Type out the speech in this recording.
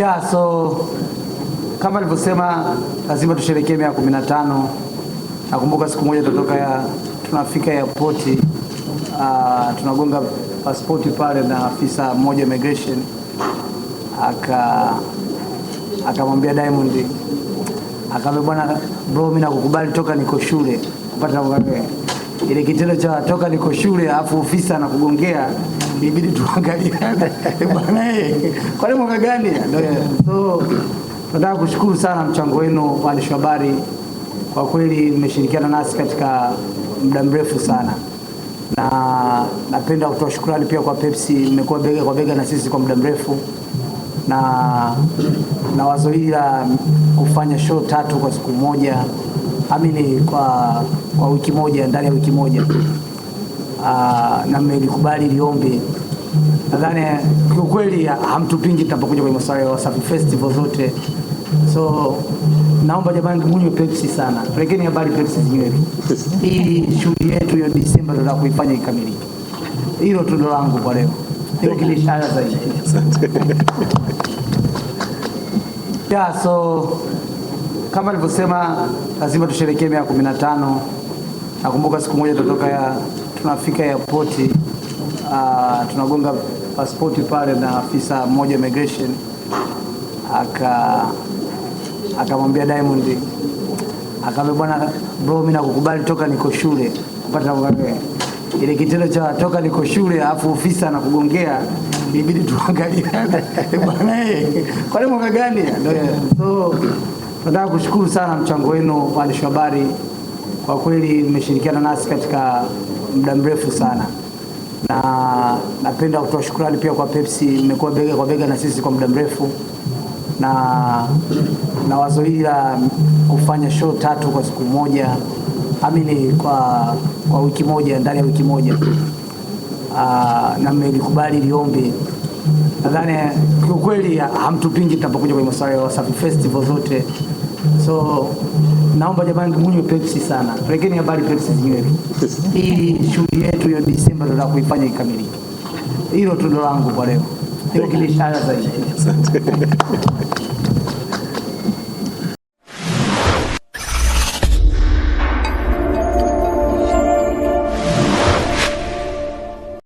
Yeah, so kama alivyosema lazima tusherekee miaka kumi na tano. Nakumbuka siku moja tutoka ya tunafika airport uh, tunagonga pasipoti pale na afisa mmoja immigration aka akamwambia Diamond, akamwambia bwana bro, mimi nakukubali toka niko shule kupata ile kitendo cha toka niko shule afu ofisa anakugongea, ibidi tuangalie eh, bwana, eh, kwa nini mwaka gani? So nataka kushukuru sana mchango wenu waandishi habari, kwa kweli mmeshirikiana nasi katika muda mrefu sana, na napenda kutoa shukrani pia kwa Pepsi, mmekuwa bega kwa bega na sisi kwa muda mrefu na, na wazo hili la kufanya show tatu kwa siku moja amini kwa, kwa wiki moja ndani ya wiki moja aa, ah, na mmelikubali liombi. Nadhani kiukweli hamtupingi tutapokuja kwenye masuala ya Wasafi Festival zote, so naomba jamani, munywe Pepsi sana, pelekeni habari Pepsi zenyewe, ili shughuli yetu hiyo Disemba tunataka kuifanya ikamilike. Hilo tendo langu kwa leo zaidi. ya so kama alivyosema lazima tusherekee miaka kumi na tano. Nakumbuka siku moja tutoka ya, tunafika airport uh, tunagonga pasipoti pale na afisa mmoja immigration aka akamwambia Diamond, akamwambia bwana bro, mimi nakukubali toka niko shule kupata ile kitendo cha toka niko shule, alafu ofisa anakugongea, ibidi tuangaliane bwana, eh, kwa nini mwaka gani? So Nataka kushukuru sana mchango wenu waandishi wa habari, kwa kweli mmeshirikiana nasi katika muda mrefu sana, na napenda kutoa shukrani pia kwa Pepsi, mmekuwa bega kwa bega na sisi kwa muda mrefu, na na wazo hili la kufanya show tatu kwa siku moja amini kwa, kwa wiki moja ndani ya wiki moja aa, ah, na mmelikubali liombi nadhani kiukweli hamtupingi tunapokuja kwenye masuala ya Wasafi Festival zote. So naomba jamani, munywe Pepsi sana, lakini habari Pepsi zenyewe, ili shughuli yetu hiyo Disemba tunataka kuifanya ikamilike. Hilo tundo langu kwa leo, hilo kilishara zaidi.